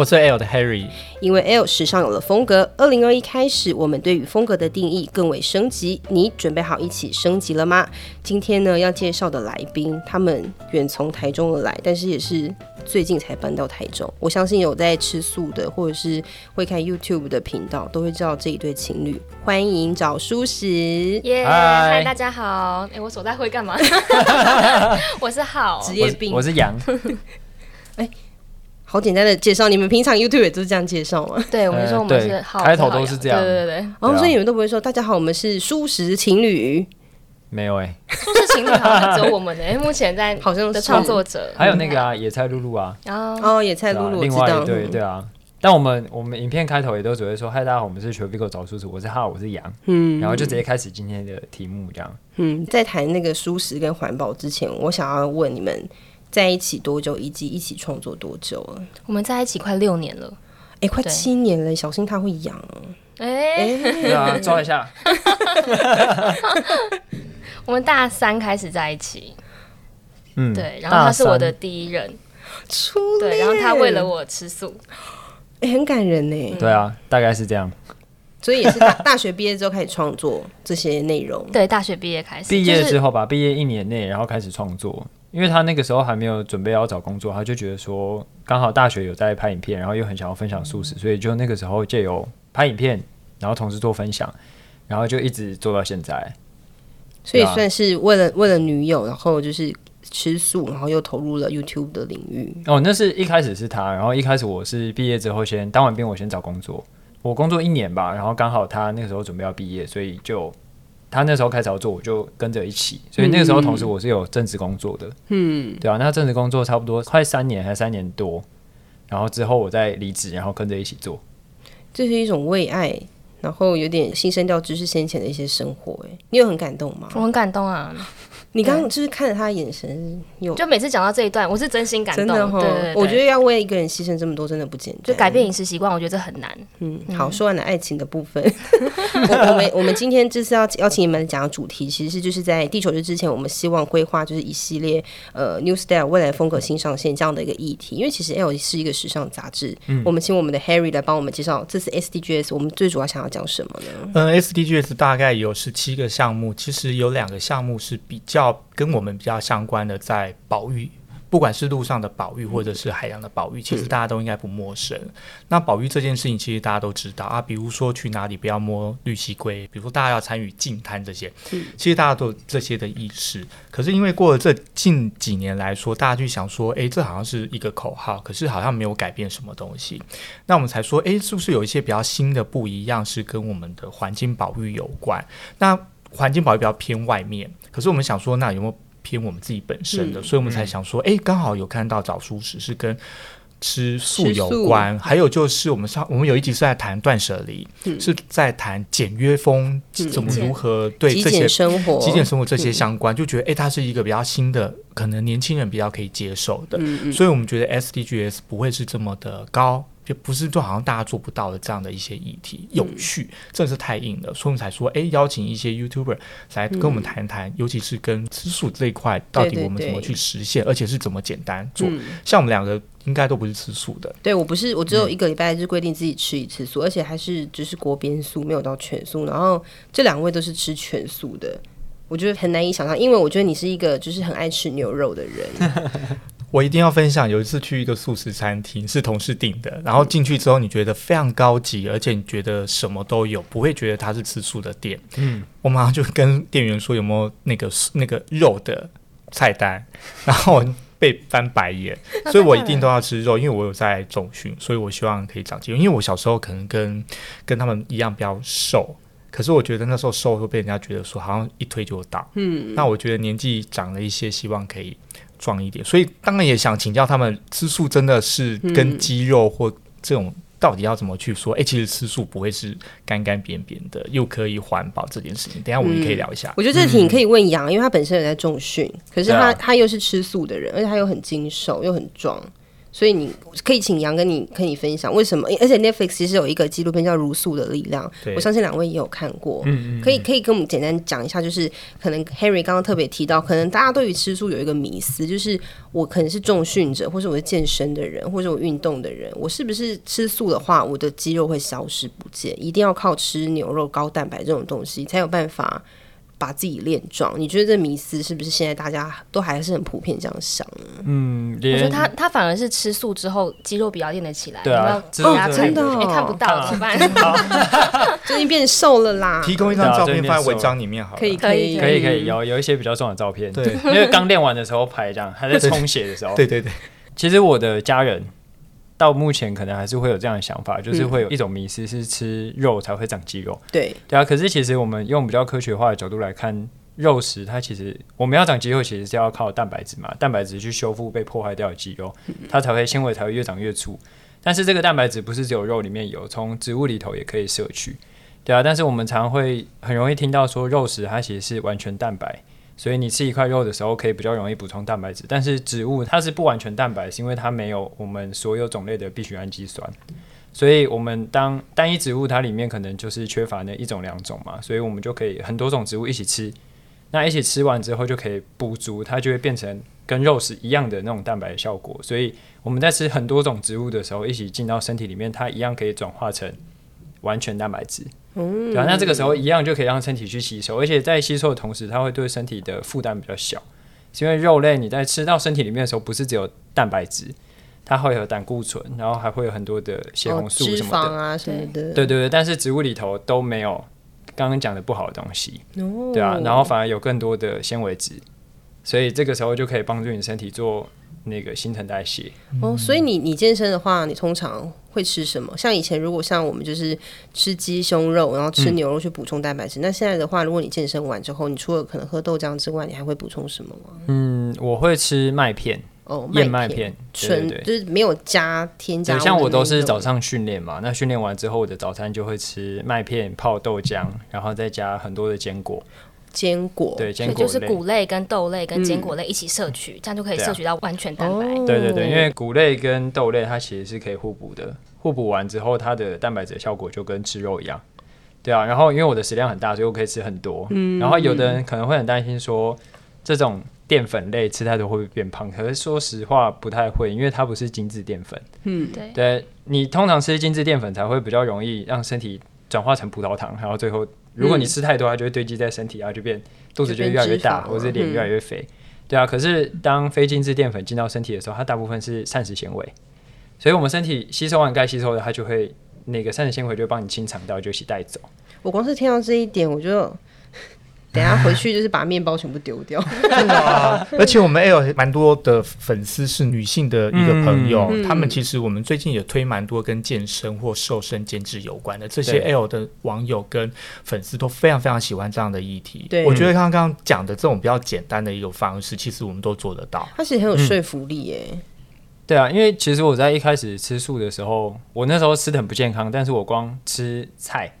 我是 L 的 Harry，因為 L 時尚有了風格。二零二一開始，我們對於風格的定義更為升級。你準備好一起升級了嗎？今天呢，要介紹的來賓，他們遠從台中而來，但是也是最近才搬到台中。我相信有在吃素的，或者是會看 YouTube 的頻道，都會知道這一對情侶。歡迎找蔬食耶。嗨 Yeah, Hi，Hi, 大家好。哎、欸，我所在會幹嘛？ 我是好職業病我，我是羊。 欸好簡單的介紹，你們平常 YouTube 也就是這樣介紹嗎？對，我們說我們是開頭都是這樣，對對對。然後所以你們都不會說大家好，我們是蔬食情侶。沒有，哎，蔬食情侶好像只有我們哎，目前在好像的創作者，還有那個啊野菜露露啊。哦，野菜露露。另外一對，對對啊，但我們我們影片開頭也都只會說嗨大家好，我們是 Traveggo 找蔬食，我是 Hao，我是楊，嗯，然後就直接開始今天的題目這樣。嗯，在談那個蔬食跟環保之前，我想要問你們。在一起多久，以及一起創作多久了？我們在一起快六年了，哎，快七年了。小心他會癢。哎，抓一下。我們大三開始在一起，嗯，對，然後他是我的第一任初戀，然後他為了我吃素，哎，很感人呢。對啊，大概是這樣。所以也是大大學畢業之後開始創作這些內容。對，大學畢業開始，畢業之後吧，畢業一年內，然後開始創作。因為他那個時候還沒有準備要找工作，他就覺得說，剛好大學有在拍影片，然後又很想要分享素食，嗯、所以就那個時候借由拍影片，然後同時做分享，然後就一直做到現在。所以算是為了、啊、為了女友，然後就是吃素，然後又投入了 YouTube 的領域。哦，那是一開始是他，然後一開始我是畢業之後先當完兵，我先找工作，我工作一年吧，然後剛好他那個時候準備要畢業，所以就。他那時候開始要做，我就跟着一起。所以那個時候，同時我是有正職工作的，嗯，對啊，那正職工作差不多快三年，還三年多。然後之後我再離職，然後跟着一起做。這是一種為愛，然後有點犧牲掉知識先前的一些生活。誒，你有很感動嗎？我很感動啊。你剛剛就是看着他的眼神有，有就每次講到這一段，我是真心感動。真的、哦、對對對，我覺得要為一個人犧牲這麼多，真的不簡單。就改變飲食習慣，我覺得這很難。嗯，好，說完了愛情的部分。嗯、 我們我，我們今天就是要邀請你們講的主題，其實就是在地球日之前，我們希望規劃就是一系列呃 New Style 未來風格新上線這樣的一個議題。因為其實 ELLE 是一個時尚雜誌，嗯、我們請我們的 Harry 來幫我們介紹這次 SDGs，我們最主要想要講什麼呢？嗯，SDGs 大概有十七個項目，其實有兩個項目是比較。要跟我們比較相關的，在保育，不管是陸上的保育或者是海洋的保育，其實大家都應該不陌生。那保育這件事情，其實大家都知道啊，比如說去哪裡不要摸綠蠵龜，比如說大家要參與淨灘這些，其實大家都有這些的意識。可是因為過了這近幾年來說，大家就想說，哎，這好像是一個口號，可是好像沒有改變什麼東西。那我們才說，哎，是不是有一些比較新的不一樣，是跟我們的環境保育有關？那環境保育比較偏外面。可是我們想說，那有沒有偏我們自己本身的？嗯、所以我們才想說，哎、嗯，剛好有看到找蔬食是跟吃素有關，吃素還有就是我們上我們有一集是在談斷舍離，嗯、是在談簡約風，怎麼如何、嗯、對這些生活、極簡生活這些相關，嗯、就覺得哎，它是一個比較新的，可能年輕人比較可以接受的，嗯、所以我們覺得 SDGs 不會是這麼的高。也不是做好像大家做不到的這樣的一些議題，永續真的是太硬了。所以我們才說，哎、欸，邀請一些 YouTuber 來跟我們談談，嗯、尤其是跟吃素這一塊，到底我們怎麼去實現，對對對，而且是怎麼簡單做。嗯、像我們兩個應該都不是吃素的，對，我不是，我只有一個禮拜就規定自己吃一次素，嗯、而且還是就是鍋邊素，沒有到全素。然後這兩位都是吃全素的，我覺得很難以想象，因為我覺得你是一個就是很愛吃牛肉的人。 我一定要分享，有一次去一個素食餐廳，是同事訂的。然後進去之後，你覺得非常高級，而且你覺得什麼都有，不會覺得它是吃素的店。嗯，我馬上就跟店員說有沒有那個那個肉的菜單，然後被翻白眼。 所以我一定都要吃肉，因為我有在重訓，所以我希望可以長肌肉。因為我小時候可能跟跟他們一樣比較瘦，可是我覺得那時候瘦會被人家覺得說好像一推就倒。嗯，那我覺得年紀長了一些，希望可以。壯一點，所以當然也想請教他們，吃素真的是跟肌肉或這種、嗯、到底要怎麼去說？誒、欸，其實吃素不會是乾乾扁扁的，又可以環保這件事情，等一下我們可以聊一下、嗯。我覺得這題你可以問楊，嗯、因為他本身也在重訓，可是他 Yeah. 他又是吃素的人，而且他又很精瘦又很壯。所以你可以請楊跟你跟你分享為什麼，而且 Netflix 其實有一個紀錄片叫《茹素的力量》，我相信兩位也有看過。可以可以跟我們簡單講一下，就是可能 Harry 剛剛特別提到，可能大家對於吃素有一個迷思，就是我可能是重訓者，或是我是健身的人，或是我運動的人，我是不是吃素的話，我的肌肉會消失不見，一定要靠吃牛肉、高蛋白這種東西才有辦法。把自己練壯，你覺得這迷思是不是現在大家都還是很普遍這樣想呢？嗯，我覺得他他反而是吃素之後肌肉比較練得起來。對啊，真的真也看不到，怎麼辦？最近變瘦了啦。提供一張照片放在文章裡面好？可以可以可以可以。有有一些比較重要的照片，對，因為剛練完的時候拍這樣，還在充血的時候。對對對，其實我的家人。到目前可能還是會有這樣的想法，就是會有一種迷思，是吃肉才會長肌肉。嗯、對，對啊。可是其實我們用比較科學化的角度來看，肉食它其實我們要長肌肉，其實是要靠蛋白質嘛，蛋白質去修復被破壞掉的肌肉，它才會纖維才會越長越粗。但是這個蛋白質不是只有肉裡面有，從植物裡頭也可以攝取。對啊，但是我們常會很容易聽到說肉食它其實是完全蛋白。所以你吃一塊肉的時候，可以比較容易補充蛋白質。但是植物它是不完全蛋白，是因為它沒有我們所有種類的必需氨基酸。所以我們當單一植物它裡面可能就是缺乏那一種兩種嘛，所以我們就可以很多種植物一起吃。那一起吃完之後，就可以補足，它就會變成跟肉是一樣的那種蛋白的效果。所以我們在吃很多種植物的時候，一起進到身體裡面，它一樣可以轉化成。完全蛋白質，對啊、嗯，那這個時候一樣就可以讓身體去吸收，而且在吸收的同時，它會對身體的負擔比較小，是因為肉類你在吃到身體裡面的時候，不是只有蛋白質，它會有膽固醇，然後還會有很多的血紅素、脂肪啊什麼的。對對對，但是植物裡頭都沒有剛剛講的不好的東西，哦、對啊，然後反而有更多的纖維質，所以這個時候就可以幫助你身體做。那個新陳代謝哦，所以你你健身的話，你通常會吃什麼？嗯、像以前如果像我們就是吃雞胸肉，然後吃牛肉去補充蛋白質。嗯、那現在的話，如果你健身完之後，你除了可能喝豆漿之外，你還會補充什麼嗎？嗯，我會吃麥片哦，燕麥片，片，對，對,對，純就是沒有加添加物的那個。像我都是早上訓練嘛，那訓練完之後我的早餐就會吃麥片泡豆漿，然後再加很多的堅果。堅果對，堅果就是穀類跟豆類跟堅果類一起攝取，嗯、這樣就可以攝取到完全蛋白。對啊、哦、對對對，因為穀類跟豆類它其實是可以互補的，互補完之後，它的蛋白質效果就跟吃肉一樣。對啊，然後因為我的食量很大，所以我可以吃很多。嗯，然後有的人可能會很擔心說，這種澱粉類吃太多會不會變胖？嗯、可是說實話不太會，因為它不是精緻澱粉。嗯，對。對，你通常吃精緻澱粉才會比較容易讓身體轉化成葡萄糖，然後最後。如果你吃太多，它就會堆積在身體，嗯、然後就變肚子就越來越大，或者臉越來越肥，嗯、對啊。可是當非精制澱粉進到身體的時候，它大部分是膳食纖維，所以我們身體吸收完該吸收的，它就會那個膳食纖維就會幫你清腸道，就一起帶走。我光是聽到這一點，我就。等下回去就是把麵包全部丟掉。 而且我們 L 蠻多的粉絲是女性的一個朋友，嗯、他們其實我們最近也推蠻多跟健身或瘦身減脂有關的。這些 L 的網友跟粉絲都非常非常喜歡這樣的議題。對我覺得剛剛講的這種比較簡單的一個方式，其實我們都做得到。它是很有說服力耶、欸嗯。對啊，因為其實我在一開始吃素的時候，我那時候吃的很不健康，但是我光吃菜。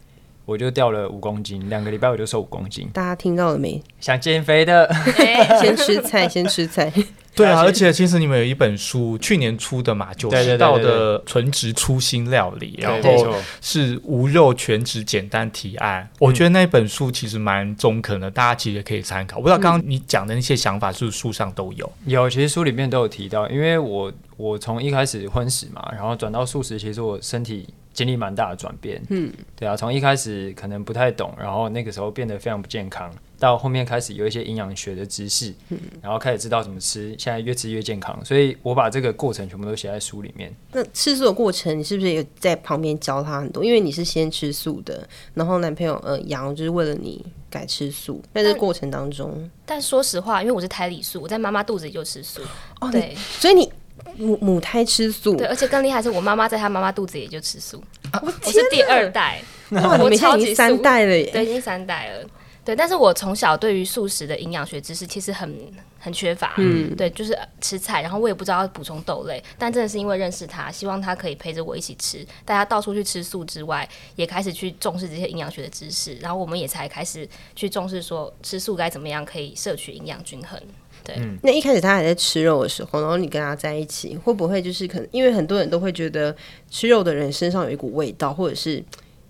我就掉了五公斤，兩個禮拜我就瘦五公斤。大家聽到了沒？想減肥的， 先吃菜，先吃菜。對啊，而且其實你們有一本書，去年出的嘛，就是《道的純植初心料理》對對對對。然後是無肉全植簡單提案。我覺得那本書其實蠻中肯的，嗯、大家其實可以參考。我不知道剛剛你講的那些想法是不是書上都有？有，其實書裡面都有提到，因為我我從一開始葷食嘛，然後轉到素食，其實我身體。經歷蠻大的轉變，嗯，對啊，從一開始可能不太懂，然後那個時候變得非常不健康，到後面開始有一些營養學的知識，嗯，然後開始知道怎麼吃，現在越吃越健康，所以我把這個過程全部都寫在書裡面。那吃素的過程，你是不是也在旁邊教他很多？因為你是先吃素的，然後男朋友呃羊就是為了你改吃素，但在這個過程當中，但說實話，因為我是胎裡素，我在媽媽肚子裡，就吃素，哦，對，所以你。母母胎吃素，對，而且更厲害的是，我媽媽在她媽媽肚子也就吃素，啊、天哪，我是第二代，哇，你們已經三代了耶，對，已經三代了，對，但是我從小對於素食的營養學知識其實很很缺乏，嗯，對，就是吃菜，然後我也不知道要補充豆類，但真的是因為認識他，希望他可以陪着我一起吃，大家到處去吃素之外，也開始去重視這些營養學的知識，然後我們也才開始去重視說吃素該怎麼樣可以攝取營養均衡。對，嗯、那一開始他還在吃肉的時候，然後你跟他在一起，會不會就是可能，因為很多人都會覺得吃肉的人身上有一股味道，或者是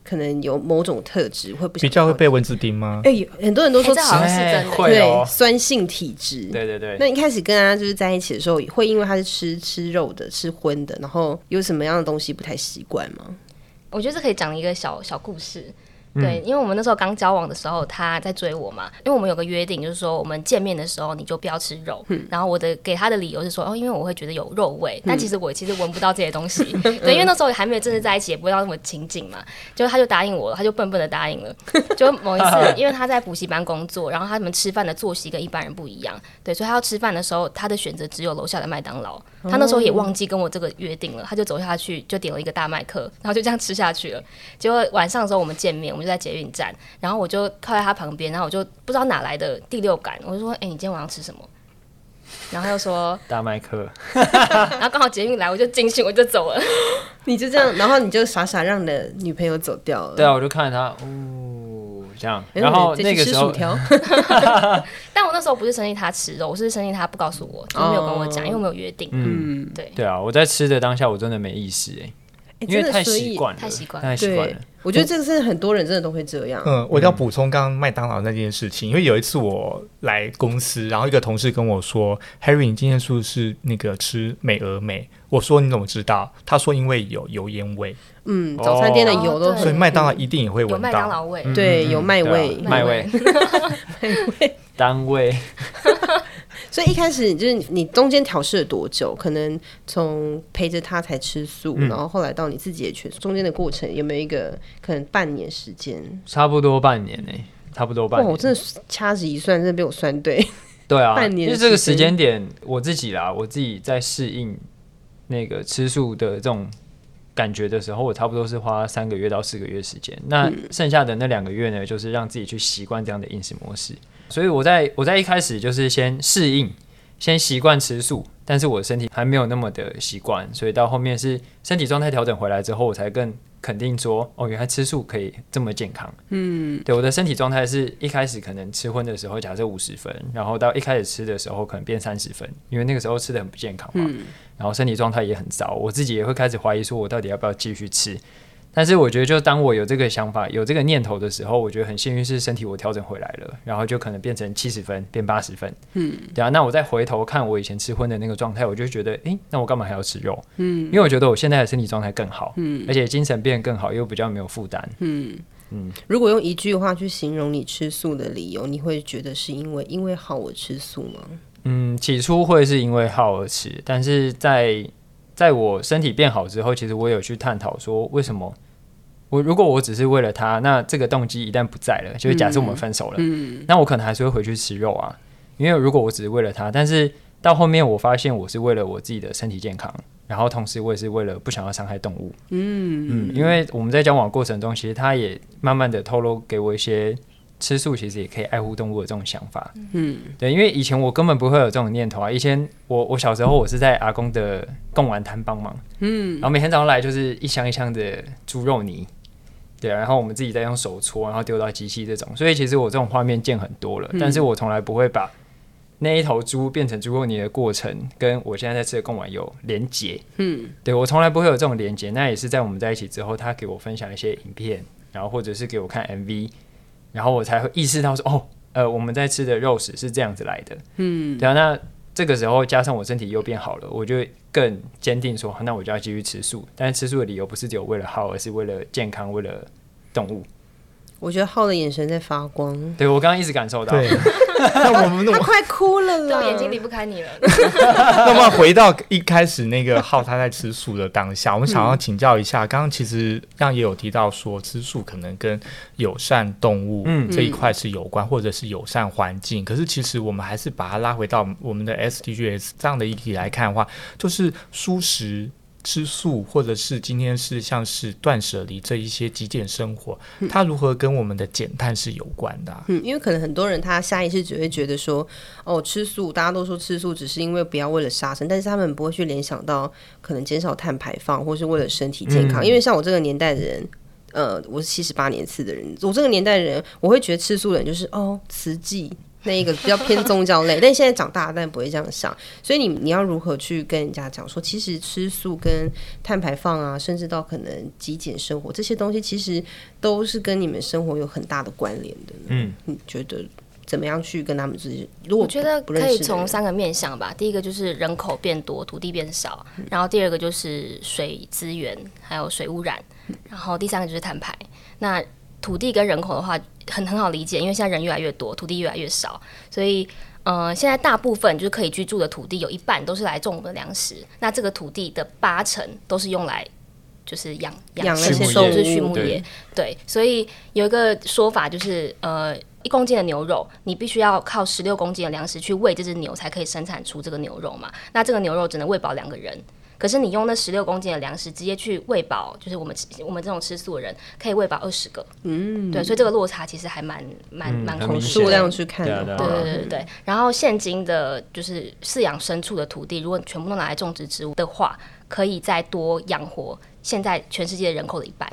可能有某種特質會不比較會被蚊子叮嗎？哎、欸，很多人都說、欸、這好像是真的，對，哦、酸性體質，對對對。那一開始跟他就是在一起的時候，也會因為他是吃吃肉的、吃葷的，然後有什麼樣的東西不太習慣嗎？我覺得可以講一個小小故事。對，因為我們那時候剛交往的時候，他在追我嘛。因為我們有個約定，就是說我們見面的時候，你就不要吃肉。嗯，然後我的給他的理由是說哦，因為我會覺得有肉味。但其實我其實聞不到這些東西。嗯，對，因為那時候還沒有正式在一起，嗯，也不知道什麼親近嘛。就他就答應我了，他就笨笨的答應了。就某一次，因為他在補習班工作，然後他們吃飯的作息跟一般人不一樣。對，所以他要吃飯的時候，他的選擇只有樓下的麥當勞。他那時候也忘記跟我這個約定了，他就走下去就點了一個大麥克，然後就這樣吃下去了。結果晚上的時候我們見面，我們就……在捷運站，然後我就靠在他旁邊，然後我就不知道哪來的第六感，我就說：“哎、欸，你今天晚上吃什麼？”然後他又說：“大麥克。 ”然後剛好捷運來，我就驚醒，我就走了。你就這樣，啊、然後你就傻傻讓你的女朋友走掉了。對啊，我就看着他，哦，這樣。然後，然後己那個時候吃薯條， 但我那時候不是生氣，他吃肉，我是生氣，他不告訴我，他沒有跟我講，嗯、因為我沒有約定。嗯，對。對啊，我在吃的當下，我真的沒意識哎。因為太習慣了，太習慣了。我覺得這個是很多人真的都會這樣。嗯，我要補充剛剛麥當勞那件事情，因為有一次我來公司，然後一個同事跟我說：“Harry，你今天是不是那個吃美而美？”我說：“你怎麼知道？”他說：“因為有油煙味。”嗯，早餐店的油都，所以麥當勞一定也會聞到麥當勞味。對，有麥味，麥味，麥味，單位。所以一開始就是你中間調試了多久？可能從陪着他才吃素，嗯，然後後來到你自己也全中間的過程有沒有一個可能半年時間，欸？差不多半年呢，差不多半年。哇，我真的掐指一算，真的被我算對。對啊，半年的。就是這個時間點，我自己啦，我自己在適應那個吃素的這種感覺的時候，我差不多是花三個月到四個月時間。那剩下的那兩個月呢，就是讓自己去習慣這樣的飲食模式。所以我在，我在一開始就是先適應，先習慣吃素，但是我身體還沒有那麼的習慣，所以到後面是身體狀態調整回來之後，我才更肯定說，哦，原來吃素可以這麼健康。嗯，對，我的身體狀態是一開始可能吃葷的時候假設五十分，然後到一開始吃的時候可能變三十分，因為那個時候吃的很不健康嘛，然後身體狀態也很糟，我自己也會開始懷疑說，我到底要不要繼續吃。但是我覺得，就當我有這個想法、有這個念頭的時候，我覺得很幸運是身體我調整回來了，然後就可能變成七十分變八十分，嗯，對啊。那我再回頭看我以前吃葷的那個狀態，我就覺得，哎、欸，那我幹嘛還要吃肉？嗯，因為我覺得我現在的身體狀態更好，嗯，而且精神變得更好，又比較沒有負擔，嗯嗯。嗯，如果用一句話去形容你吃素的理由，你會覺得是因為因為好我吃素嗎？嗯，起初會是因為好而吃，但是在。在我身體變好之後，其實我有去探討說，為什麼我如果我只是為了他，那這個動機一旦不在了，就是假設我們分手了，嗯嗯，那我可能還是會回去吃肉啊，因為如果我只是為了他，但是到後面我發現我是為了我自己的身體健康，然後同時我也是為了不想要傷害動物。嗯嗯，因為我們在交往過程中，其實他也慢慢的透露給我一些。吃素其實也可以愛護動物的這種想法，嗯，對，因為以前我根本不會有這種念頭啊。以前我我小時候我是在阿公的貢丸攤幫忙，嗯，然後每天早上來就是一箱一箱的豬肉泥，對，然後我們自己再用手搓，然後丟到機器這種。所以其實我這種畫面見很多了，嗯，但是我從來不會把那一頭豬變成豬肉泥的過程跟我現在在吃的貢丸有連接，嗯，對，我從來不會有這種連接。那也是在我們在一起之後，他給我分享一些影片，然後或者是給我看 MV。然後我才會意識到說，哦，呃，我們在吃的肉食是這樣子來的。嗯，然後那這個時候加上我身體又變好了，我就更堅定說，那我就要繼續吃素。但是吃素的理由不是只有為了好，而是為了健康，為了動物。我覺得浩的眼神在發光，對，我剛剛一直感受到。那我們他快哭了，眼睛離不開你了。 那麼回到一開始那個浩他在吃素的當下，我們想要請教一下，嗯、剛剛其實剛也有提到說吃素可能跟友善動物這一塊是有關，嗯、或者是友善環境。可是其實我們還是把它拉回到我們的 SDGs 這樣的議題，來看的話，就是蔬食、吃素，或者是今天是像是斷捨離這一些極簡生活，它如何跟我們的減碳是有關的啊？嗯，因為可能很多人他下意識只會覺得說，哦，吃素，大家都說吃素只是因為不要為了殺生，但是他們不會去聯想到可能減少碳排放，或是為了身體健康。嗯，因為像我這個年代的人，呃，我是七十八年次的人，我這個年代的人，我會覺得吃素的人就是哦，慈濟。那一個比較偏宗教類， 但現在長大但不會這樣想。所以你你要如何去跟人家講說，其實吃素跟碳排放啊，甚至到可能極簡生活這些東西，其實都是跟你們生活有很大的關聯的。嗯，你覺得怎麼樣去跟他們自己，如果我覺得可以從三個面向吧。第一個就是人口變多，土地變少；然後第二個就是水資源還有水污染；然後第三個就是碳排。那土地跟人口的話。很很好理解，因為現在人越來越多，土地越來越少，所以，呃，現在大部分就是可以居住的土地，有一半都是來種我們的糧食。那這個土地的八成都是用來就是養養那些動物，畜牧業。畜牧業對，對，所以有一個說法就是，呃，一公斤的牛肉，你必須要靠十六公斤的糧食去餵這只牛，才可以生產出這個牛肉嘛。那這個牛肉只能餵飽兩個人。可是你用那十六公斤的糧食直接去餵飽，就是我們我們這種吃素的人可以餵飽二十個，嗯，對，所以這個落差其實還蠻蠻蠻蠻、數、嗯、量去看的，對對對對、嗯、然後現今的就是飼養牲畜的土地，如果全部都拿來種植植物的話，可以再多養活現在全世界人口的一半。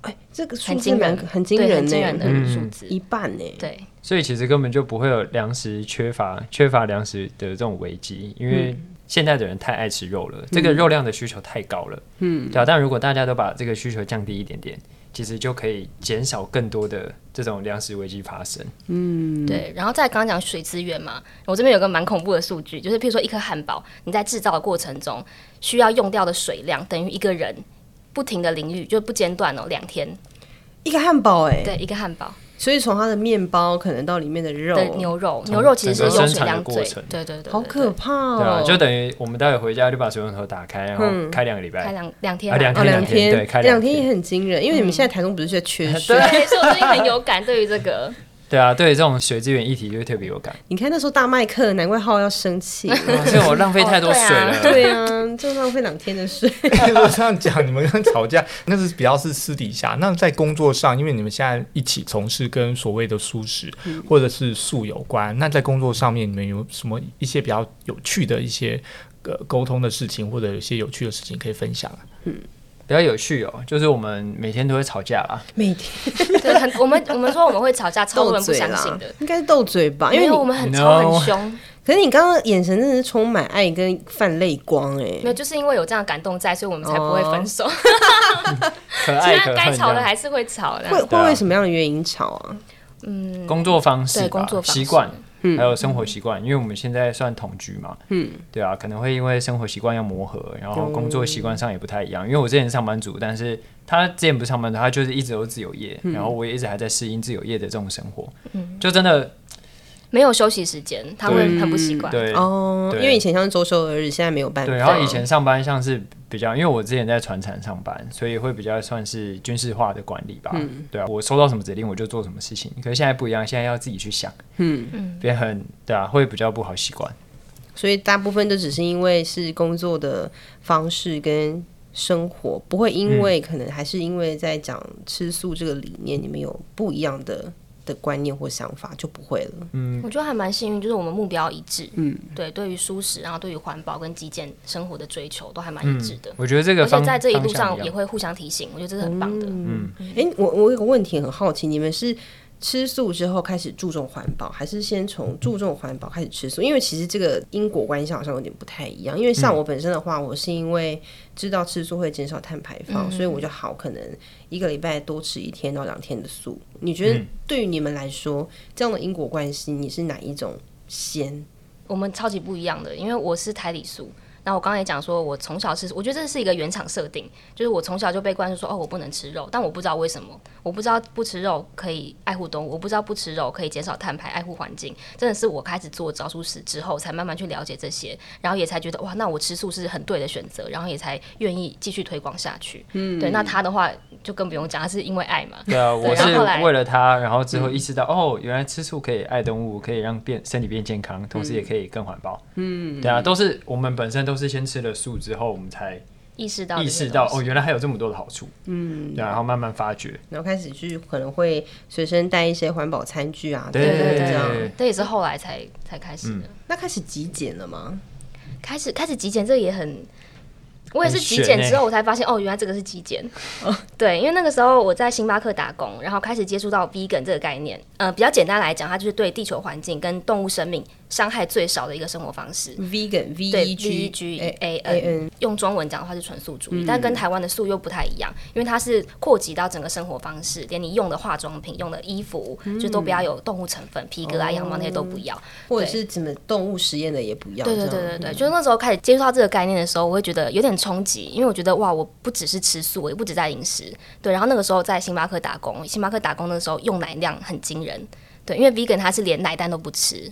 哎、欸，這個數字很驚人，很驚人驚、欸、人的數字、嗯，一半呢、欸？對，所以其實根本就不會有糧食缺乏缺乏糧食的這種危機，因為、嗯。現代的人太愛吃肉了，這個肉量的需求太高了，嗯，對啊。但如果大家都把這個需求降低一點點，其實就可以減少更多的這種糧食危機發生。嗯，對。然後再剛剛講水資源嘛，我這邊有個蠻恐怖的數據，就是譬如說一顆漢堡，你在製造的過程中需要用掉的水量，等於一個人不停的淋浴，就不間斷哦，兩天。一個漢堡哎、欸，對，一個漢堡。所以從它的麵包，可能到裡面的肉，對牛肉，牛肉其實是水嘴，嗯、整個生產的過程，對對對，對對對，好可怕哦！對啊，就等於我們待會回家就把水龍頭打開，嗯，然後開兩個禮拜，開兩兩天、啊、天，兩天兩天，對，兩天，天也很驚人。因為你們現在台中不是在缺水，嗯， 所以我最近很有感，對於這個。 對啊，對這種水資源議題就特別有感。你看那時候大麥克，難怪浩要生氣，就我、哦、浪費太多水了、哦對啊。對啊，就浪費兩天的水。我 這樣講，你們跟吵架那是比較是私底下。那在工作上，因為你們現在一起從事跟所謂的素食、嗯、或者是素有關，那在工作上面你們有什麼一些比較有趣的一些呃溝通的事情，或者有些有趣的事情可以分享啊？嗯。比較有趣哦，就是我們每天都會吵架啦。每天 對很，我們我們說我們會吵架，超多人不相信的，應該是鬥嘴吧，因為我們很吵很凶。No. 可是你剛剛眼神真的是充滿愛跟泛淚光誒、欸，沒有，就是因為有這樣的感動在，所以我們才不會分手。Oh. 可愛，其實該吵的，還是會吵的。會會為什麼樣的原因吵啊？啊嗯工，工作方式、工作習慣。還有生活習慣，嗯嗯、因為我們現在算同居嘛，嗯，對啊，可能會因為生活習慣要磨合，然後工作習慣上也不太一樣。嗯、因為我之前是上班族，但是他之前不是上班族，他就是一直都有自由業，嗯、然後我也一直還在適應自由業的這種生活，嗯、就真的。沒有休息時間，他會很不習慣哦。因為以前像是周休二日，現在沒有辦法對。然後以前上班像是比較，因為我之前在船廠上班，所以會比較算是軍事化的管理吧。嗯、對啊，我收到什麼指令，我就做什麼事情。可是現在不一樣，現在要自己去想，嗯嗯，變很對啊，會比較不好習慣。所以大部分都只是因為是工作的方式跟生活，不會因為、嗯、可能還是因為在講吃素這個理念，你們有不一樣的。的觀念或想法就不會了。嗯，我覺得還蠻幸運，就是我們目標一致。嗯，對，對於蔬食，然後對於環保跟極簡生活的追求，都還蠻一致的、嗯。我覺得這個，而且在這一路上也會互相提醒，我覺得這是很棒的。嗯，哎、嗯欸，我我有一個問題很好奇，你們是？吃素之後開始注重環保，還是先從注重環保開始吃素？因為其實這個因果關係好像有點不太一樣。因為像我本身的話，嗯、我是因為知道吃素會減少碳排放，嗯、所以我就好可能一個禮拜多吃一天到兩天的素。你覺得對於你們來說，嗯、這樣的因果關係你是哪一種先？我們超級不一樣的，因為我是胎裡素。那我剛才講說，我從小吃，我覺得這是一個原廠設定，就是我從小就被灌輸說，哦，我不能吃肉，但我不知道為什麼，我不知道不吃肉可以愛護動物，我不知道不吃肉可以減少碳排，愛護環境，真的是我開始做找蔬食之後，才慢慢去了解這些，然後也才覺得哇，那我吃素是很對的選擇，然後也才願意繼續推廣下去。嗯，對，那他的話就更不用講，他是因為愛嘛。嗯、 對啊，我是為了他，然後之後意識到，嗯、哦，原來吃素可以愛動物，可以讓變身體變健康，同時也可以更環保。嗯，對啊，嗯、都是我們本身都。是先吃了素之後，我們才意識到意識到哦，原來還有這麼多的好處，嗯，然後慢慢發掘，然後開始去可能會隨身帶一些環保餐具啊，對對對，這樣對對對，這也是後來才才開始的。嗯、那開始極簡了嗎？開始開始極簡，這也很。我也是極簡之後，我才發現、欸、哦，原來這個是極簡。哦、對，因為那個時候我在星巴克打工，然後開始接觸到 vegan 這個概念。呃，比較簡單來講，它就是對地球環境跟動物生命傷害最少的一個生活方式。vegan，vegan、e、用中文講的話是純素主義，嗯嗯，但跟台灣的素又不太一樣，因為它是擴及到整個生活方式，連你用的化妝品、用的衣服，嗯嗯，就都不要有動物成分、皮革啊、羊毛那些都不要，嗯、對或者是怎麼動物實驗的也不要。對對對對對，嗯、就是那時候開始接觸到這個概念的時候，我會覺得有點。衝擊，因為我覺得哇，我不只是吃素，我也不只在飲食。對，然後那個時候在星巴克打工，星巴克打工的時候用奶量很驚人。對，因為 vegan 他是連奶蛋都不吃，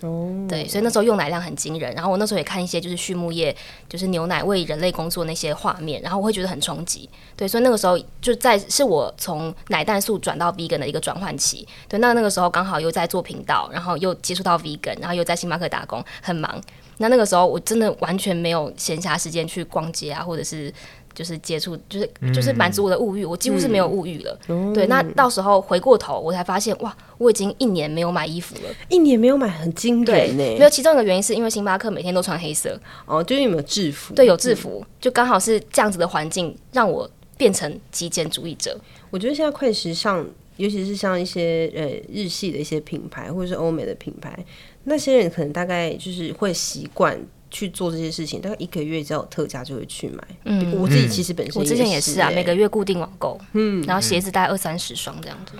對，所以那時候用奶量很驚人。然後我那時候也看一些就是畜牧業，就是牛奶為人類工作那些畫面，然後我會覺得很衝擊。對，所以那個時候就在是我從奶蛋素轉到 vegan 的一個轉換期。對，那那個時候剛好又在做頻道，然後又接觸到 vegan，然後又在星巴克打工，很忙。那那個時候我真的完全沒有閒暇時間去逛街啊，或者是就是接觸，就是就是滿足我的物慾，嗯、我幾乎是沒有物慾了。嗯、對，那到時候回過頭，我才發現哇，我已經一年沒有買衣服了，一年沒有買，很精。對。沒有，其中一個原因是因為星巴克每天都穿黑色哦，就是有沒有制服？對，有制服，對就剛好是這樣子的環境讓我變成極簡主義者。我覺得現在快時尚，尤其是像一些呃日系的一些品牌，或者是歐美的品牌。那些人可能大概就是會習慣去做這些事情，大概一個月只要有特價就會去買。嗯，我自己其實本身、欸、我之前也是啊，每個月固定網購，嗯，然後鞋子大概二三十雙這樣子。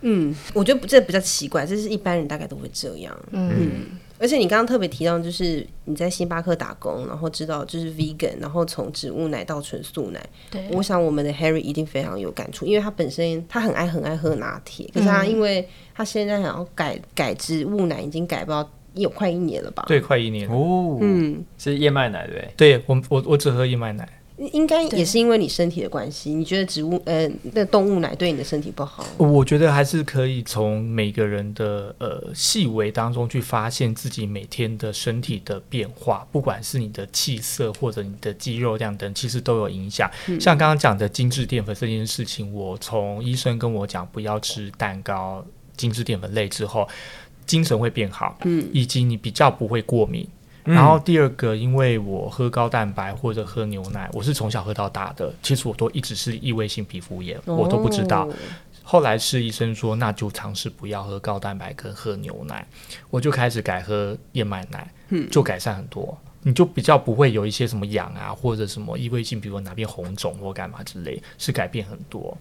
嗯，我覺得這比較奇怪，這、就是一般人大概都會這樣。嗯。嗯而且你剛剛特別提到，就是你在星巴克打工，然後知道就是 vegan，然後從植物奶到純素奶。對，我想我們的 Harry 一定非常有感觸，因為他本身他很愛很愛喝拿鐵，嗯、可是他因為他現在想要改改植物奶，已經改不到有快一年了吧？對，快一年了哦。嗯，是燕麥奶對對？對，對我我我只喝燕麥奶。應該也是因為你身體的關係，對你覺得植物呃的動物奶對你的身體不好？我覺得還是可以從每個人的呃細微當中去發現自己每天的身體的變化，不管是你的氣色或者你的肌肉量等，其實都有影響。嗯、像剛剛講的精緻澱粉這件事情，我從醫生跟我講不要吃蛋糕、精緻澱粉類之後，精神會變好，嗯，以及你比較不會過敏。然後第二個，因為我喝高蛋白或者喝牛奶，嗯、我是從小喝到大的。其實我都一直是異位性皮膚炎，我都不知道。哦、後來是醫生說，那就嘗試不要喝高蛋白跟喝牛奶，我就開始改喝燕麥奶，就改善很多。嗯、你就比較不會有一些什麼癢啊，或者什麼異位性，比如哪邊紅腫或乾嘛之類，是改變很多。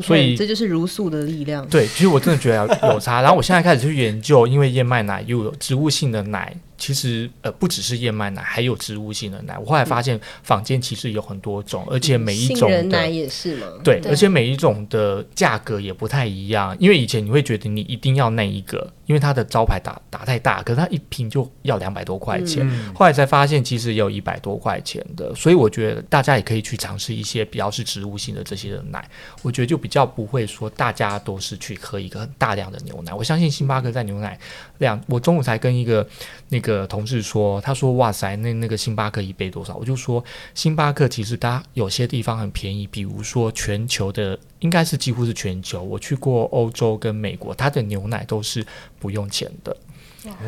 所以、嗯、這就是茹素的力量。對，其實我真的覺得有差。 然後我現在開始去研究，因為燕麥奶又有植物性的奶。其實，呃，不只是燕麥奶，還有植物性的奶。我後來發現，坊間其實有很多種，嗯、而且每一種的新奶也是嗎？對，對，而且每一種的價格也不太一樣。因為以前你會覺得你一定要那一個，因為它的招牌打打太大，可是它一瓶就要兩百多塊錢。嗯、後來才發現，其實也有一百多塊錢的。所以我覺得大家也可以去嘗試一些比較是植物性的這些奶。我覺得就比較不會說大家都是去喝一個很大量的牛奶。我相信星巴克在牛奶量，我中午才跟一個那個。的同事說：“他說哇塞，那那個星巴克一杯多少？”我就說：“星巴克其實它有些地方很便宜，比如說全球的，應該是幾乎是全球。我去過歐洲跟美國，它的牛奶都是不用錢的。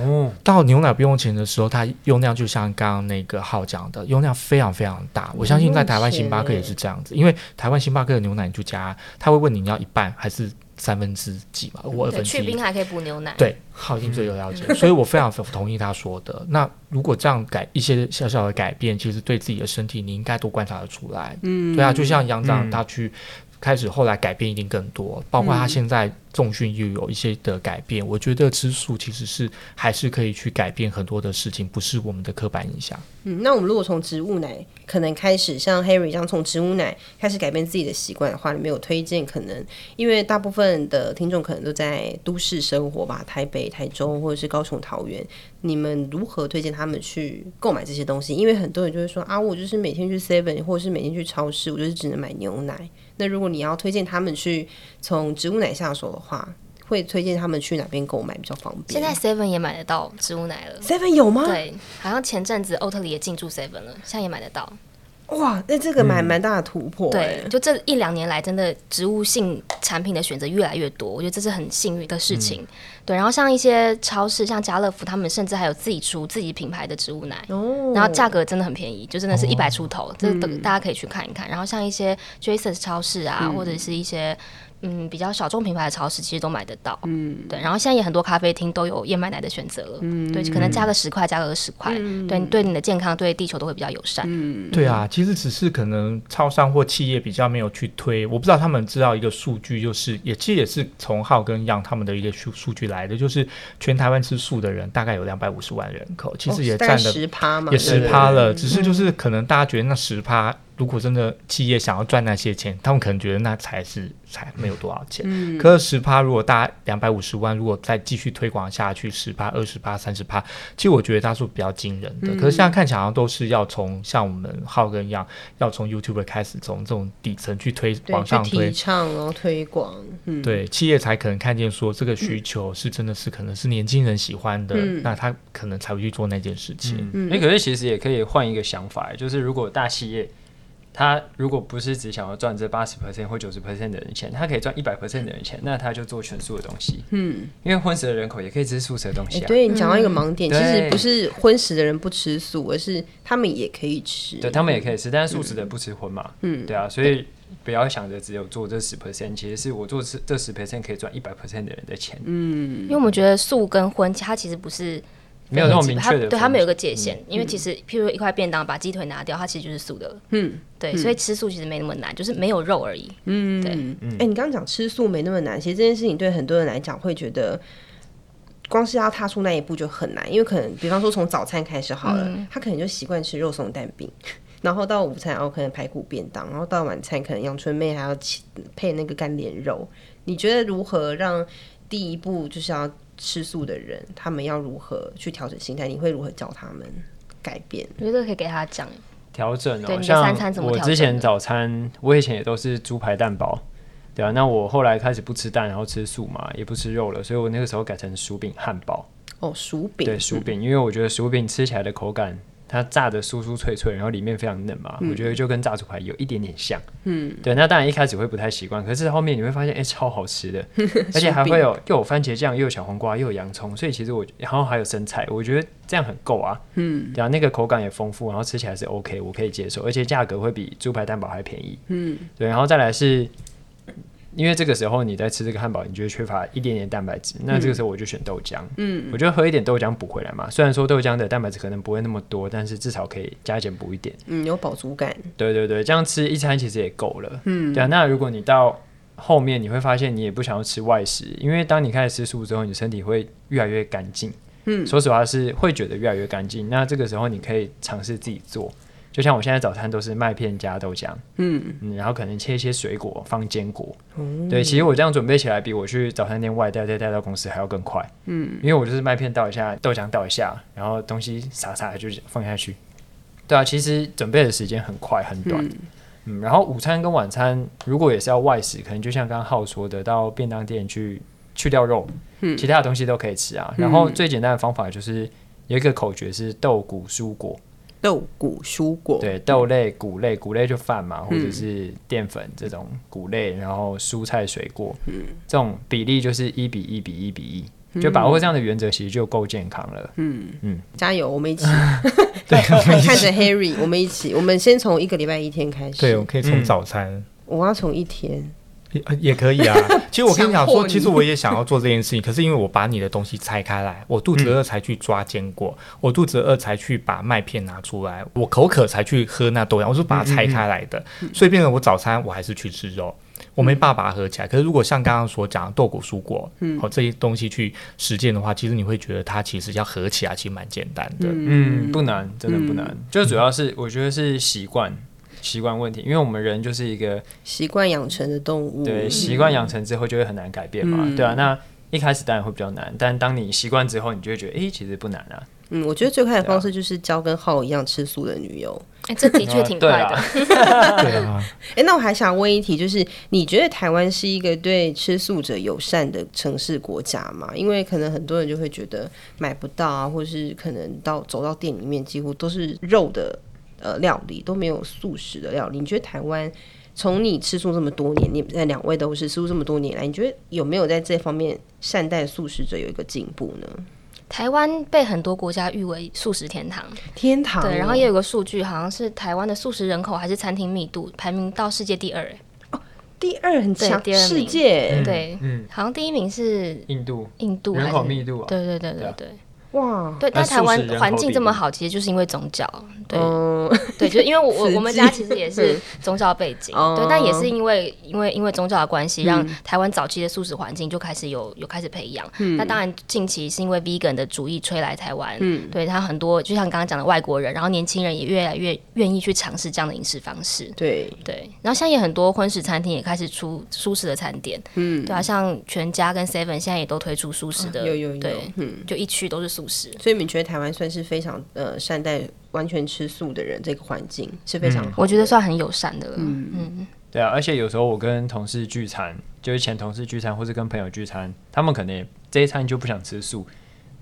哦，到牛奶不用錢的時候，它用量就像剛剛那個浩講的，用量非常非常大。我相信在台灣星巴克也是這樣子，嗯，因為台灣星巴克的牛奶就加，他會問你要一半還是？”三分之幾嘛，五二分之。冰還可以補牛奶。對，好，就最有了解。嗯、所以我非常同意他說的。那如果這樣改一些小小的改變，其實對自己的身體，你應該都觀察得出來。嗯，對啊，就像楊總、嗯、他去。開始後來改變一定更多，包括他現在重訓又有一些的改變。嗯、我覺得吃素其實是還是可以去改變很多的事情，不是我們的刻板印象。嗯，那我們如果從植物奶可能開始，像 Harry 這樣從植物奶開始改變自己的習慣的話，你們有推薦？可能因為大部分的聽眾可能都在都市生活吧，台北、台中或者是高雄、桃園，你們如何推薦他們去購買這些東西？因為很多人就會說啊，我就是每天去 Seven 或者是每天去超市，我就是只能買牛奶。那如果你要推薦他們去從植物奶下手的話，會推薦他們去哪邊購買比較方便？現在 Seven 也買得到植物奶了，Seven 有嗎？對，好像前陣子歐特里也進駐 Seven 了，現在也買得到。哇，那、欸、這個蠻蠻大的突破、欸嗯。對，就這一兩年來，真的植物性產品的選擇越來越多，我覺得這是很幸運的事情。嗯、對，然後像一些超市，像家樂福，他們甚至還有自己出自己品牌的植物奶，哦、然後價格真的很便宜，就真的是一百出頭，這大家可以去看一看。然後像一些 JASONS 超市啊，嗯、或者是一些。嗯，比較小眾品牌的超市其實都買得到，嗯，對。然後現在也很多咖啡廳都有燕麥奶的選擇了，嗯，對，可能加個十塊，加個二十塊，嗯、對，對你的健康，對地球都會比較友善，嗯，對啊。其實只是可能超商或企業比較沒有去推，我不知道他們知道一個數據，就是也其實也是從浩跟楊他們的一個數數據來的，就是全台灣吃素的人大概有兩百五十萬人口，其實也占了十趴嘛，也十趴了。只是就是可能大家覺得那十趴。如果真的企業想要賺那些錢，他們可能覺得那才是才沒有多少錢。嗯、可是十趴，如果大家兩百五十萬，嗯、如果再繼續推廣下去，十趴、二十趴、三十趴，其實我覺得他是比較驚人的。嗯、可是現在看起來好像都是要從像我們浩哥一樣，要從 YouTuber 開始，從這種底層去推對往上推，提倡然後推廣，嗯、對，企業才可能看見說這個需求是真的是可能是年輕人喜歡的，嗯、那他可能才會去做那件事情。嗯、嗯、欸，可是其實也可以換一個想法，就是如果大企業。他如果不是只想要賺這八十 percent 或九十 percent 的人錢，他可以賺一百 percent 的人錢，那他就做全素的東西。嗯，因為葷食的人口也可以吃素食的東西啊。欸、對，你講到一個盲點，嗯、其實不是葷食的人不吃素，對而是他們也可以吃。對他們也可以吃，但是素食的人不吃葷嘛。嗯，對啊，所以不要想着只有做這十 percent，其實是我做這這十 percent 可以賺一百 percent 的人的錢。嗯，因為我們覺得素跟葷，它其實不是。沒有那麼明確的，對，他沒有個界限，因為其實，譬如一塊便當把雞腿拿掉，它其實就是素的。嗯，對，所以吃素其實沒那麼難，就是沒有肉而已。嗯，對。哎，你剛剛講吃素沒那麼難，其實這件事情對很多人來講會覺得，光是要踏出那一步就很難，因為可能，比方說從早餐開始好了，他可能就習慣吃肉鬆蛋餅，然後到午餐哦可能排骨便當，然後到晚餐可能陽春麵還要配那個肝連肉，你覺得如何讓第一步就是要？吃素的人，他們要如何去調整心態？你會如何教他們改變？我覺得可以給他講調整哦、喔，你像我之前早餐，我以前也都是豬排蛋堡，嗯、對啊，那我後來開始不吃蛋，然後吃素嘛，也不吃肉了，所以我那個時候改成薯餅漢堡。哦，薯餅對薯餅，嗯、因為我覺得薯餅吃起來的口感。它炸的酥酥脆脆，然後裡面非常嫩嘛，嗯、我覺得就跟炸豬排有一點點像。嗯，對，那當然一開始會不太習慣，可是後面你會發現，哎、欸，超好吃的，而且還會有又有番茄醬，又有小黃瓜，又有洋蔥，所以其實我然後還有生菜，我覺得這樣很夠啊。嗯，對啊，那個口感也豐富，然後吃起來是 OK，我可以接受，而且價格會比豬排蛋堡還便宜。嗯，對，然後再來是。因為這個時候你在吃這個漢堡，你就會缺乏一點點蛋白質，嗯、那這個時候我就選豆漿。嗯，我覺得喝一點豆漿補回來嘛。雖然說豆漿的蛋白質可能不會那麼多，但是至少可以加減補一點。嗯，有飽足感。對對對，這樣吃一餐其實也夠了。嗯，對、啊。那如果你到後面你會發現你也不想要吃外食，因為當你開始吃素之後，你的身體會越來越乾淨。嗯，說實話是會覺得越來越乾淨。那這個時候你可以嘗試自己做。就像我現在早餐都是麥片加豆漿，嗯，嗯，然後可能切一些水果放堅果，哦、對，其實我這樣準備起來比我去早餐店外帶再帶到公司還要更快，嗯，因為我就是麥片倒一下，豆漿倒一下，然後東西灑灑就放下去，對啊，其實準備的時間很快很短，嗯，嗯，然後午餐跟晚餐如果也是要外食，可能就像剛剛浩說的，到便當店去去掉肉，嗯、其他的東西都可以吃啊，然後最簡單的方法就是有一個口訣是豆谷蔬果。豆穀蔬果，對豆類、穀類、穀類就飯嘛，嗯、或者是澱粉這種穀類，然後蔬菜水果，嗯，這種比例就是一比一比一比一、嗯哼，就把握這樣的原則，其實就夠健康了。嗯嗯，嗯加油，我們一起。 對，看着 Harry， 我們一起。我們先從一個禮拜一天開始，對，我可以從早餐。嗯、我要從一天。也也可以啊，其實我跟你講說， 你其實我也想要做這件事情，可是因為我把你的東西拆開來，我肚子餓才去抓堅果，嗯、我肚子餓才去把麥片拿出來，我口渴才去喝那豆漿，我是把它拆開來的，嗯嗯嗯，所以變成我早餐我還是去吃肉，我沒辦法把它合起來。嗯、可是如果像剛剛所講的豆果蔬果，好、嗯哦，這些東西去實踐的話，其實你會覺得它其實要合起來其實蠻簡單的，嗯，不難，真的不難，嗯、就主要是我覺得是習慣。習慣問題，因為我們人就是一個習慣養成的動物。對，習慣養成之後就會很難改變嘛，嗯、對啊，那一開始當然會比較難，但當你習慣之後，你就會覺得，哎、欸，其實不難啊。嗯，我覺得最快的方式就是交跟浩一樣吃素的女友。哎、欸，這的確挺快的。 對啊。哎、啊 啊 欸，那我還想問一題，就是你覺得台灣是一個對吃素者友善的城市國家嗎？因為可能很多人就會覺得買不到啊，或是可能到走到店裡面幾乎都是肉的。呃，料理都沒有素食的料理。你覺得台灣從你吃素這麼多年，你在兩位都是吃素這麼多年來，你覺得有沒有在這方面善待素食者有一個進步呢？台灣被很多國家譽為素食天堂，天堂。對，然後也有個數據，好像是台灣的素食人口還是餐廳密度排名到世界第二，哎，哦，第二很強，對世界對，嗯，對嗯好像第一名是印度，印度人口密度、啊，對，對對對對對。對哇，對，但台灣環境這麼好，其實就是因為宗教，對，對，就因為我我我們家其實也是宗教背景，對，但也是因為因為因為宗教的關係，讓台灣早期的素食環境就開始有有開始培養。那當然近期是因為 Vegan 的主義吹來台灣，對，他很多就像剛剛講的外國人，然後年輕人也越來越願意去嘗試這樣的飲食方式。對對，然後現在也很多葷食餐廳也開始出素食的餐點，嗯，對啊，像全家跟 Seven 現在也都推出素食的，有有有，就一區都是。所以你們覺得台灣算是非常呃善待完全吃素的人，這個環境是非常好的，好、嗯。我覺得算很友善的了。嗯嗯，對啊，而且有時候我跟同事聚餐，就是前同事聚餐，或是跟朋友聚餐，他們可能這一餐就不想吃素，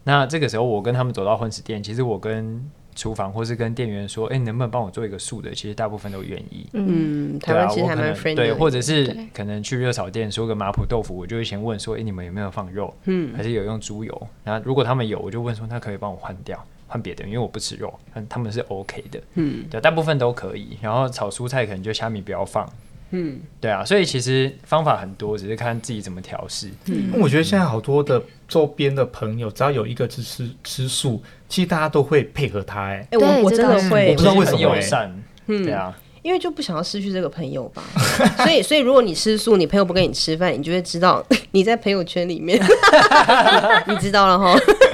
那這個時候我跟他們走到葷食店，其實我跟。廚房，或是跟店員說，哎、欸，能不能幫我做一個素的？其實大部分都願意。嗯，對啊、台灣其實還蠻 friendly 的，對，或者是可能去熱炒店說個麻婆豆腐，對我就會先問說，哎、欸，你們有沒有放肉？嗯，還是有用豬油？然後如果他們有，我就問說，那可以幫我換掉，換別的，因為我不吃肉，那他們是 OK 的。嗯，對，大部分都可以。然後炒蔬菜可能就蝦米不要放。嗯，對啊，所以其實方法很多，只是看自己怎麼調試。嗯，我覺得現在好多的周邊的朋友，只要有一個吃吃吃素，其實大家都會配合他。哎、欸，我我真的會，我不知道為什麼哎。友善。嗯，對啊，因為就不想要失去這個朋友吧。所以，所以如果你吃素，你朋友不跟你吃飯，你就會知道你在朋友圈裡面， 你，你知道了齁。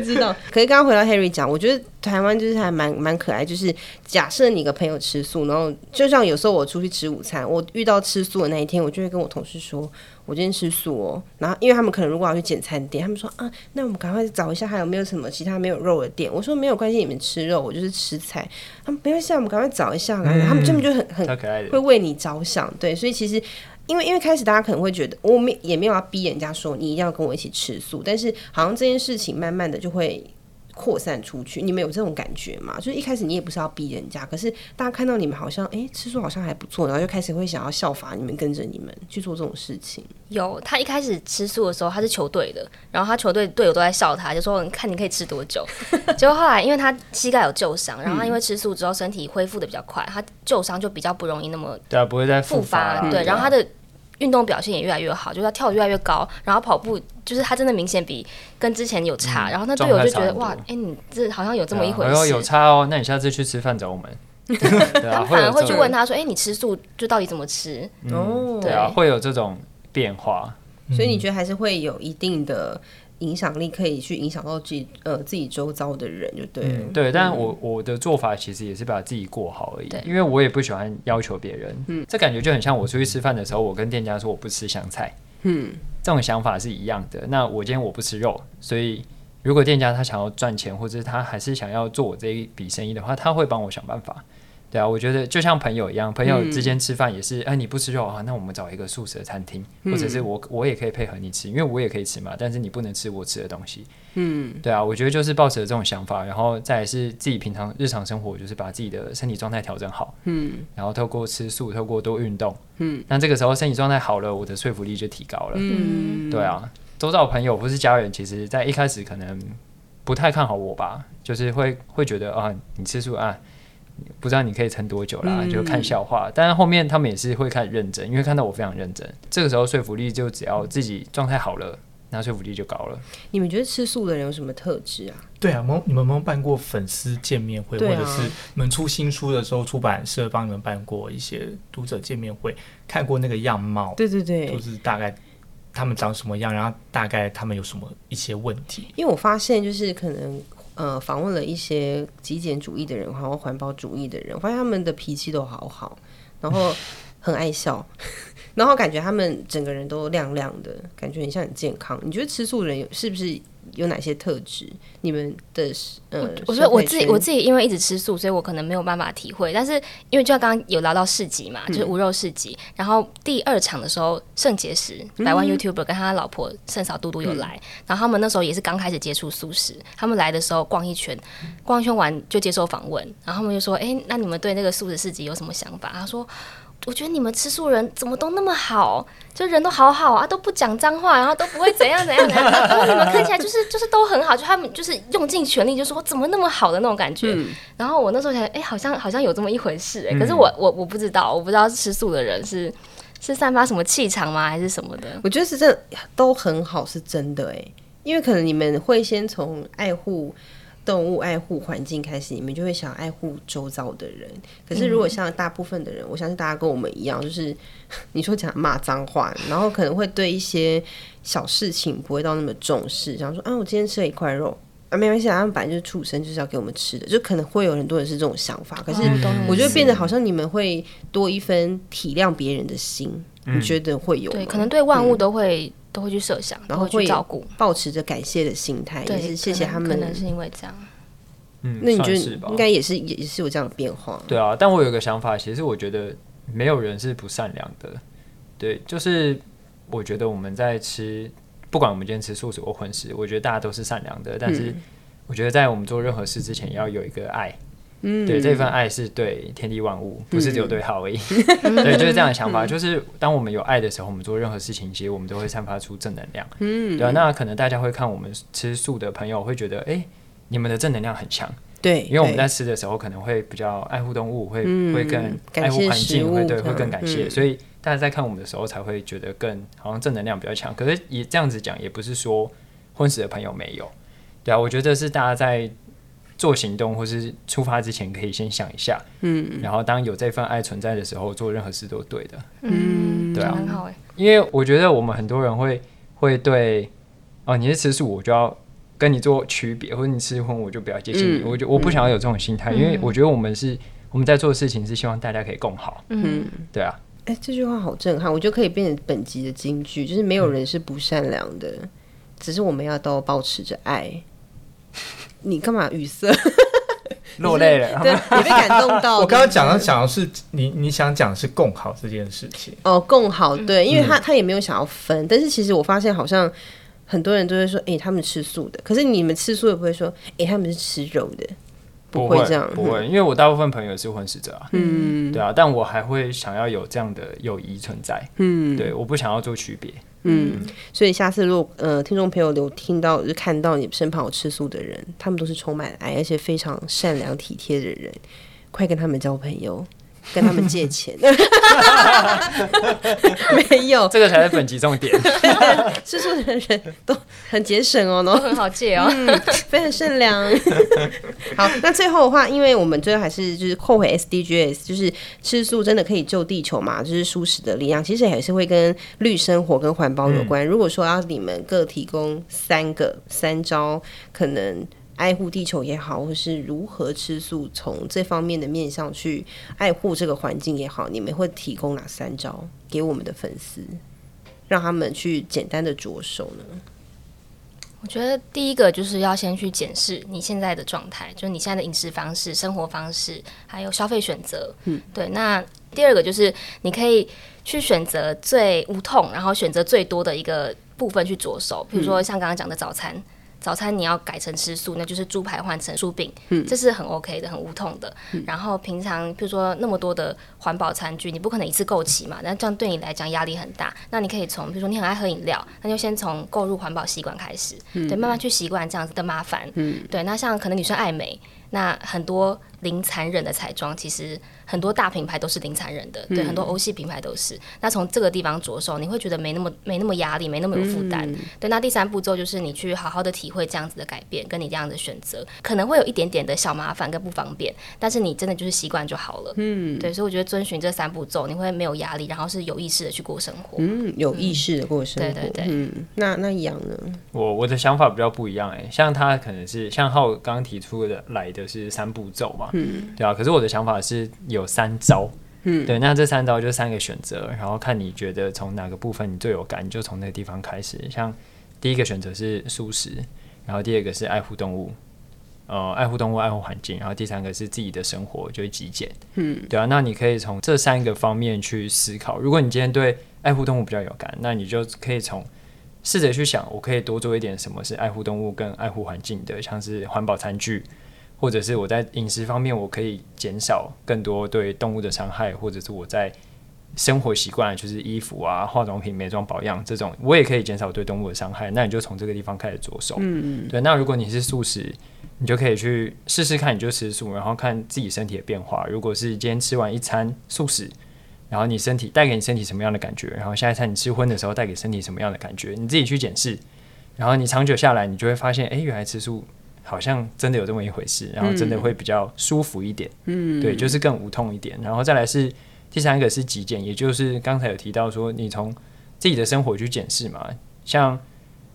知道， 可是剛剛回到 Harry 講，我覺得台灣就是還蠻蠻可愛。就是假設你個朋友吃素，然後就像有時候我出去吃午餐，我遇到吃素的那一天，我就會跟我同事說，我今天吃素哦。然後因為他們可能如果要去簡餐店，他們說啊，那我們趕快找一下還有沒有什麼其他沒有肉的店。我說沒有關係，你們吃肉，我就是吃菜。他們沒關係啊，我們趕快找一下。來，他們根本就很很可愛的會為你着想，對，所以其實。因為因為開始大家可能會覺得我沒也沒有要逼人家說你一定要跟我一起吃素，但是好像這件事情慢慢的就會擴散出去，你們有這種感覺嗎？就是一開始你也不是要逼人家，可是大家看到你們好像，哎、欸，吃素好像還不錯，然後就開始會想要效法你們，跟着你們去做這種事情。有他一開始吃素的時候，他是球隊的，然後他球隊隊友都在笑他，就說，看你可以吃多久。 結果後來因為他膝蓋有舊傷，然後他因為吃素之後身體恢復得比較快，嗯、他舊傷就比較不容易那麼對啊，不會再復發、啊。對，然後他的運動表現也越來越好，就是他跳得越來越高，然後跑步。就是他真的明顯比跟之前有差，然後他隊友就覺得哇，哎，你這好像有這麼一回事。有有差哦，那你下次去吃飯找我們。他反而會去問他說，哎，你吃素就到底怎麼吃？哦，對啊，會有這種變化。所以你覺得還是會有一定的影響力，可以去影響到自己呃自己周遭的人，就對。對，但我我的做法其實也是把自己過好而已，因為我也不喜歡要求別人。嗯，這感覺就很像我出去吃飯的時候，我跟店家說我不吃香菜。嗯。這種想法是一樣的。那我今天我不吃肉，所以如果店家他想要賺錢，或者是他還是想要做我這一筆生意的話，他會幫我想辦法。對啊，我覺得就像朋友一樣，朋友之間吃飯也是，哎、嗯啊，你不吃就好啊，那我們找一個素食的餐廳，嗯、或者是我我也可以配合你吃，因為我也可以吃嘛，但是你不能吃我吃的東西。嗯，對啊，我覺得就是抱持了這種想法，然後再是自己平常日常生活，就是把自己的身體狀態調整好。嗯，然後透過吃素，透過多運動。嗯，那這個時候身體狀態好了，我的說服力就提高了。嗯，對啊，周遭朋友或是家人，其實在一開始可能不太看好我吧，就是會會覺得啊，你吃素啊。不知道你可以撐多久啦，嗯、就看笑話。但是後面他們也是會看認真，因為看到我非常認真，這個時候說服力就只要自己狀態好了，那說服力就高了。你們覺得吃素的人有什麼特質啊？對啊，你們有沒有辦過粉絲見面會，啊、或者是你們出新書的時候，出版社幫你們辦過一些讀者見面會？看過那個樣貌？對對對，就是大概他們長什麼樣，然後大概他們有什麼一些問題？因為我發現就是可能。呃，訪問了一些極簡主義的人，然後環保主義的人，我發現他們的脾氣都好好，然後很愛笑， 然後感覺他們整個人都亮亮的，感覺很像很健康。你覺得吃素人是不是？有哪些特質？你們的呃，我說我自己、呃、我自己因為一直吃素，所以我可能沒有辦法體會。但是因為就像剛剛有聊到市集嘛，嗯、就是無肉市集。然後第二場的時候，聖結石百萬 YouTuber 跟他老婆聖嫂嘟嘟有來，嗯、然後他們那時候也是剛開始接觸素食。嗯、他們來的時候逛一圈，逛一圈完就接受訪問，然後他們就說：“哎，那你們對那個素食市集有什麼想法？”他說。我覺得你們吃素人怎麼都那麼好，就人都好好啊，都不講髒話、啊，然後都不會怎樣怎樣怎樣、啊，然後你們看起來就是就是都很好，就他們就是用盡全力，就說怎麼那麼好的那種感覺。嗯、然後我那時候想，哎、欸，好像好像有這麼一回事、欸，哎、嗯，可是我我我不知道，我不知道吃素的人是是散發什麼氣場嗎，還是什麼的？我覺得是這都很好，是真的哎、欸，因為可能你們會先從愛護。動物愛護環境開始，你們就會想愛護周遭的人。可是如果像大部分的人，嗯、我相信大家跟我們一樣，就是你說講罵髒話，然後可能會對一些小事情不會到那麼重視。想說啊，我今天吃了一塊肉啊，沒關係、啊，他們本來就是畜生，就是要給我們吃的。就可能會有很多人是這種想法。可是我覺得變得好像你們會多一分體諒別人的心，嗯、你覺得會有？對，可能對萬物都會。都會去設想，然後去照顧，保持着感謝的心態，對也是謝謝他們。可能，可能是因為這樣，嗯，那你覺得應該也是，是也是有這樣的變化。對啊，但我有個想法，其實我覺得沒有人是不善良的，對，就是我覺得我們在吃，不管我們今天吃素食或葷食，我覺得大家都是善良的。但是，我覺得在我們做任何事之前，要有一個愛。嗯。嗯、對，這份愛是對天地萬物，不是只有對好而已。嗯、 對，就是這樣的想法。嗯、就是當我們有愛的時候，我們做任何事情，其實我們都會散發出正能量。嗯，對啊。那可能大家會看我們吃素的朋友，會覺得，哎、欸，你們的正能量很強。對，因為我們在吃的時候，可能會比較愛護動物，對會會更愛護環境，會對會更感謝。嗯、所以大家在看我們的時候，才會覺得更好像正能量比較強。可是也這樣子講，也不是說葷食的朋友沒有。對啊，我覺得是大家在。做行動或是出發之前，可以先想一下，嗯，然後當有這份愛存在的時候，做任何事都對的，嗯，對啊，很好。哎、欸，因為我覺得我們很多人會會對，哦，你是吃素，我就要跟你做區別，或者你吃葷，我就不要接近你，嗯、我就我不想要有這種心態，嗯、因為我覺得我們是我們在做的事情是希望大家可以共好，嗯，對啊，哎、欸，這句話好震撼，我覺得可以變成本集的金句，就是沒有人是不善良的，嗯、只是我們要都保持着愛。 你幹嘛語塞？落淚淚了？ 對你 被感動到感。我剛剛講的，講的是你你想講的是共好這件事情哦，oh, 共好對，因為他他也沒有想要分，嗯、但是其實我發現好像很多人都會說，哎、欸，他們吃素的，可是你們吃素也不會說，哎、欸，他們是吃肉的，不會這樣，不會，不會嗯、因為我大部分朋友是混食者，嗯，對啊，但我還會想要有這樣的友誼存在，嗯，對，我不想要做區別。嗯，所以下次如果呃聽眾朋友有聽到就看到你身旁有吃素的人，他們都是充滿愛而且非常善良體貼的人，快跟他們交朋友。跟他們借錢， 沒有，這個才是本集重點。 吃素的人都很節省哦，都很好借哦，嗯，非常善良。 好，那最後的話，因為我們最後還是就是扣回 SDGs，就是吃素真的可以救地球嘛？就是蔬食的力量，其實還是會跟綠生活跟環保有關。嗯、如果說要你們各提供三個三招，可能。愛護地球也好，或是如何吃素，從這方面的面向去愛護這個環境也好，你們會提供哪三招給我們的粉絲，讓他們去簡單的着手呢？我覺得第一個就是要先去檢視你現在的狀態，就是你現在的飲食方式、生活方式，還有消費選擇。嗯，對。那第二個就是你可以去選擇最無痛，然後選擇最多的一個部分去着手，比如說像剛剛講的早餐。嗯早餐你要改成吃素，那就是豬排換成素餅，嗯、這是很 OK 的，很無痛的。嗯、然後平常譬如說那麼多的環保餐具，你不可能一次購齊嘛，那這樣對你來講壓力很大。那你可以從比如說你很愛喝飲料，那就先從購入環保習慣開始，嗯、對，慢慢去習慣這樣子的麻煩。嗯、對，那像可能女生愛美，那很多。零殘忍的彩妝，其實很多大品牌，都是零殘忍的，嗯、對，很多歐系品牌都是。那從這個地方着手，你會覺得沒那麼沒那麼壓力，沒那麼有負擔，嗯、對。那第三步驟就是你去好好的體會這樣子的改變，跟你這樣子的選擇，可能會有一點點的小麻煩跟不方便，但是你真的就是習慣就好了，嗯，對。所以我覺得遵循這三步驟，你會沒有壓力，然後是有意識的去過生活，嗯，有意識的過生活，嗯、對對對。嗯、那那一樣 Yang 呢？我我的想法比較不一樣、欸，哎，像他可能是像浩剛剛提出的來的是三步驟嘛。嗯，對啊，可是我的想法是有三招，嗯，對，那這三招就是三個選擇，然後看你覺得從哪個部分你最有感，你就從那個地方開始。像第一個選擇是素食，然後第二個是愛護動物，呃，愛護動物、愛護環境，然後第三個是自己的生活就是極簡，嗯，對啊。那你可以從這三個方面去思考。如果你今天對愛護動物比較有感，那你就可以從試着去想，我可以多做一點什麼是愛護動物跟愛護環境的，像是環保餐具。或者是我在飲食方面，我可以減少更多對動物的傷害，或者是我在生活習慣，就是衣服啊、化妝品、美妝保養這種，我也可以減少對動物的傷害。那你就從這個地方開始着手。嗯嗯。對，那如果你是素食，你就可以去試試看，你就吃素，然後看自己身體的變化。如果是今天吃完一餐素食，然後你身體帶給你身體什麼樣的感覺？然後下一餐你吃葷的時候，帶給身體什麼樣的感覺？你自己去檢視，然後你長久下來，你就會發現，哎、欸，原來吃素。好像真的有這麼一回事，然後真的會比較舒服一點，嗯，對，就是更無痛一點。然後再來是第三個是極簡，也就是剛才有提到說，你從自己的生活去檢視嘛，像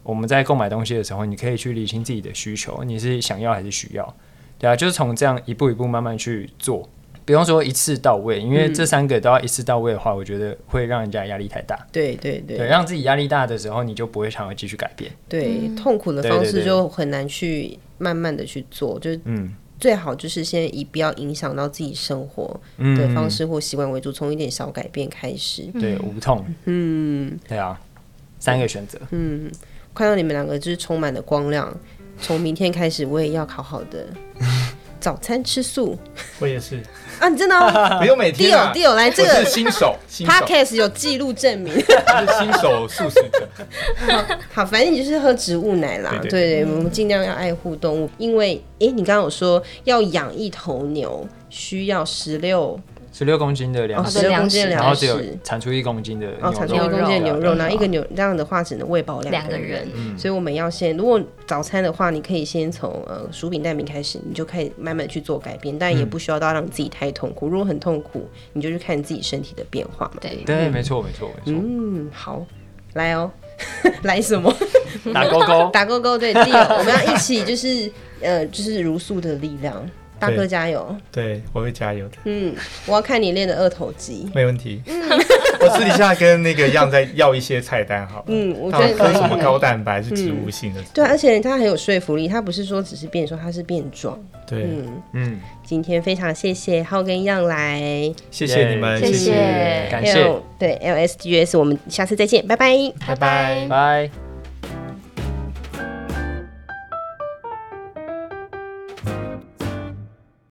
我們在購買東西的時候，你可以去理清自己的需求，你是想要還是需要，對啊，就是從這樣一步一步慢慢去做。比方說一次到位，因為這三個都要一次到位的話，嗯、我覺得會讓人家壓力太大。對對對，對，讓自己壓力大的時候，你就不會想要繼續改變。對，嗯、痛苦的方式就很難去慢慢的去做，對對對，就是嗯，最好就是先以不要影響到自己生活的、嗯、方式或習慣為主，從一點小改變開始。嗯、對，無痛。嗯，對啊，三個選擇。嗯，看到你們兩個就是充滿了光亮，從明天開始我也要好好的。 早餐吃素，我也是啊！你真的、哦、沒有每天啊？Deal Deal，來是這個新手，Podcast 有記錄證明他 是新手素食者 好，反正你就是喝植物奶啦。對對，對對嗯、我們盡量要愛護動物，因為哎，你剛剛有說要養一頭牛需要十六。十六公斤的糧食，然後是產出一公斤的哦，產出一公斤的牛肉，那一個牛這樣的話只能餵飽兩個人，所以我們要先，如果早餐的話，你可以先從呃薯餅蛋餅開始，你就可以慢慢去做改變，但也不需要到讓自己太痛苦。如果很痛苦，你就去看你自己身體的變化嘛。對，對，沒錯，沒錯，沒錯。嗯，好，來哦，來什麼？打勾勾，打勾勾。對，我們要一起，就是呃，就是茹素的力量。大哥加油對！對，我會加油的。嗯，我要看你練的二頭肌。沒問題。嗯， 我私底下跟那個樣在要一些菜單，好，好。嗯，我覺得喝什麼高蛋白是植物性的、嗯。對、啊，而且他很有說服力，他不是說只是變說他是變壯。對，嗯嗯。嗯，今天非常謝謝浩跟樣來，謝謝你們，謝謝感謝，謝。L, 對 ELLE SDGs 我們下次再見，拜拜，拜拜 bye，拜。